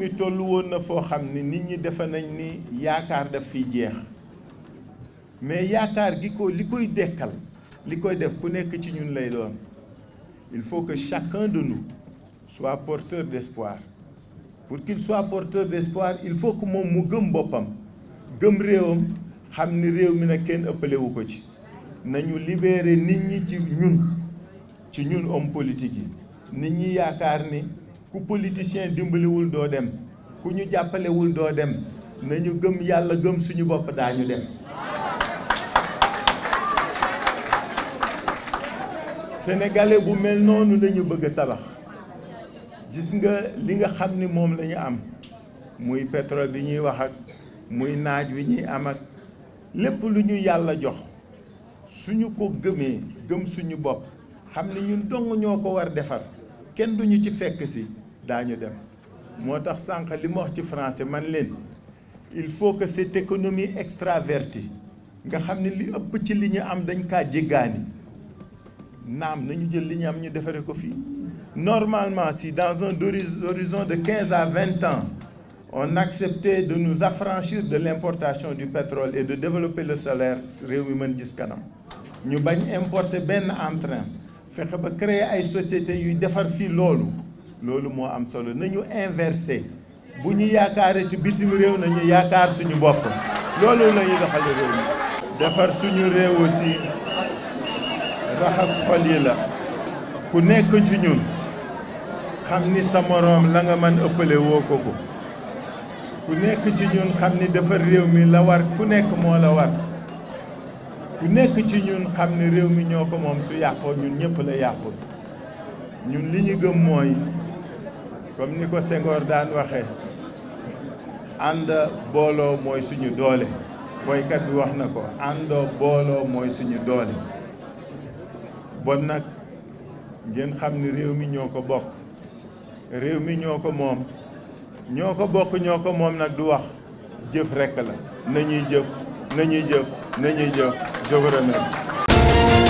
mi tollu woon na foo nit ñi defa nañ ni yaakar daf fi jeex mais yaakar gi ko li koy dekkal li def ku nekk ci ñun lay doon il faut que chacun de nous soit porteur d'espoir pour qu'il soit porteur d'espoir il faut que moom mu gëm bopam gëm réewam xamni ni réew mi nag kenn wu ko ci nañu libérer nit ñi ci ñun ci ñun homme politique yi nit ñi yaakar ni ku politicien dimbaliwul doo dem ku ñu jàppalewul doo dem nañu gëm yàlla gëm suñu bopp daañu dem sénégalais bu mel noonu lañu bëgg a tabax gis nga li nga xam ni moom la am muy pétrole bi ñuy wax ak muy naaj wi ñuy am ak lépp lu ñu yàlla jox suñu ko gëmee gëm suñu bopp xam ni ñun dong ñoo ko war defar kenn duñu ci fekk si dañu dem que tax sànq li ma wax ci français man len il faut que cette économie extravertie nga xamni li ëpp ci li ñu am dañ kaa jéggaani nam nañu jël li ñu am ñu ko fi normalement si dans un horizon de 15 à 20 ans on acceptait de nous affranchir de l'importation du pétrole et de développer le solaire réew mi mën gis kanam ñu bañ importer ben entrain fexe ba créer ay société yu defar fi lolu loolu moo am solo nañu inversé bu ñu yaakaaree ci bitim réew nañu yaakaar suñu bopp loolu la ñuy doxale réew mi defar suñu réew si raxas xol yi la ku nekk ci ñun xam ni sa moroom la nga man ëppale woo ko ko ku nekk ci ñun xam ni defar réew mi la war ku nekk moo la war ku nekk ci ñun xam ni réew mi ñoo ko moom su yàqoo ñun ñëpp la yàqul ñun li ñu gëm mooy comme ni ko sengoor daan waxe ànd booloo mooy suñu doole boykat bi wax na ko àndoo booloo mooy suñu doole bon nag ngeen xam ni réew mi ñoo ko bokk réew mi ñoo ko moom ñoo ko bokk ñoo ko moom nag du wax jëf rekk la nañuy jëf nañuy jëf nañuy jëf je